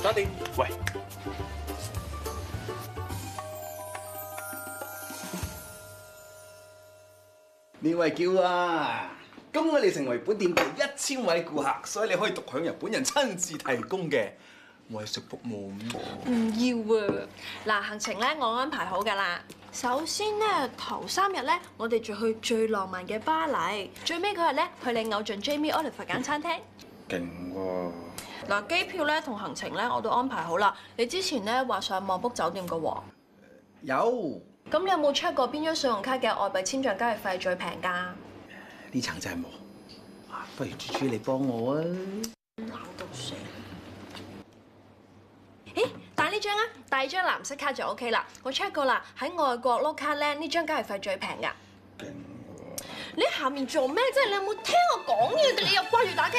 多謝。喂。呢個係叫啊！恭喜你成為本店第一千位顧客，所以你可以獨享由本人親自提供嘅藝術服務。唔要啊！嗱，行程咧我安排好㗎啦。首先咧，頭三日咧，我哋就去最浪漫嘅巴黎，最尾嗰日咧，去你偶像 Jamie Oliver 個間餐廳。勁喎！嗱，機票咧同行程咧我都安排好啦。你之前咧話上網 book 酒店嘅喎，有。咁你有冇 check 過邊張信用卡嘅外幣簽賬交易費最平㗎？呢層真係冇，啊，不如珠珠你幫我啊。冷到死。誒，帶呢張啊，帶張藍色卡就 OK 啦。我 check 過啦，喺外國碌卡 c 咧呢張交易費最平㗎。你下面做咩啫？你有冇聽我講嘢？你又掛住打機。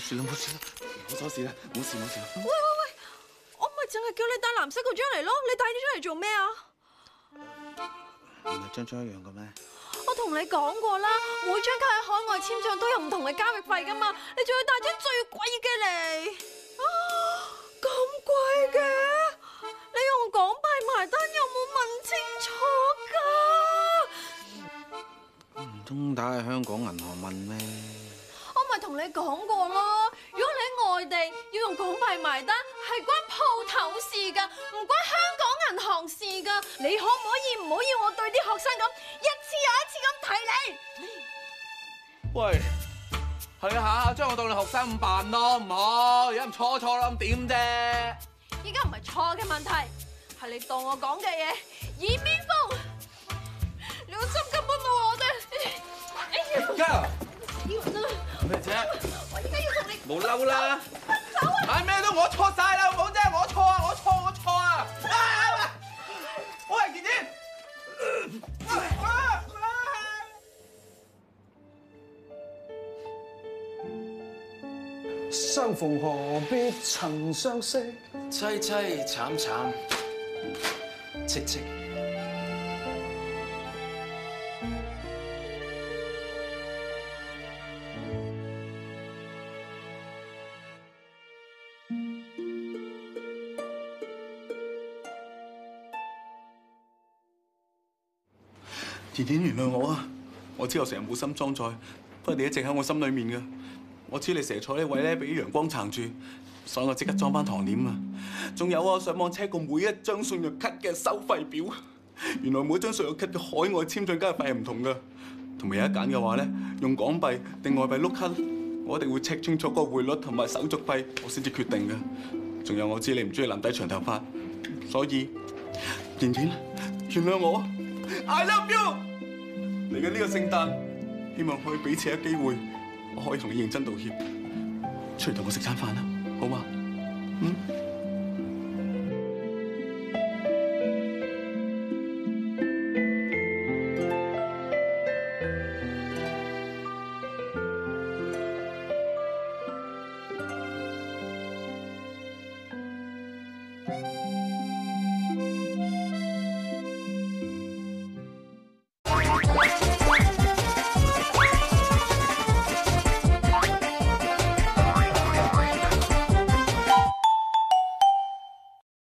算啦，冇事啦，唔好阻事啦，冇事冇事啦。喂喂喂，我咪淨係叫你帶藍色嗰張嚟咯，你帶呢張嚟做咩啊？唔係張張一樣嘅咩？我同你講過啦，每張卡喺海外簽賬都有唔同嘅交易費噶嘛，你仲要帶張最貴嘅嚟？啊，咁貴嘅？你用港幣埋單有冇問清楚噶？唔通打去香港銀行問咩？講過咯，如果你喺外地要用港幣埋單，係關鋪頭事噶，唔關香港銀行事噶。你可唔可以唔好要我對啲學生咁，一次又一次咁睇你？喂，係啊，將我當你學生咁辦咯，唔好，而家唔錯錯啦咁點啫？依家唔係錯嘅問題，係你當我講嘅嘢耳邊風，你個心根本冇我啫。哎呀！咩我而家要同你冇嬲啦！分手啊！係咩都我錯晒啦，好冇啫！我錯啊！我錯我錯啊！啊啊！我係相逢何必曾相識？凄凄慘慘，戚戚。遲點原諒我啊！我知我成日冇心裝載，不過你一直喺我心裏面噶。我知你成日坐呢位咧，俾陽光撐住，所以我即刻裝返糖點啊！仲有啊，上網 check 過每一張信用卡嘅收費表，原來每張信用卡嘅海外簽證加費係唔同噶。同埋有一揀嘅話咧，用港幣定外幣碌卡，我一定會 check 清楚個匯率同埋手續費，我先至決定噶。仲有我知你唔中意男仔長頭髮，所以，甜甜原諒我，I love you。我嚟緊呢個聖誕，希望可以俾次一機會，我可以同你認真道歉，出嚟同我食餐飯啦，好嗎？嗯。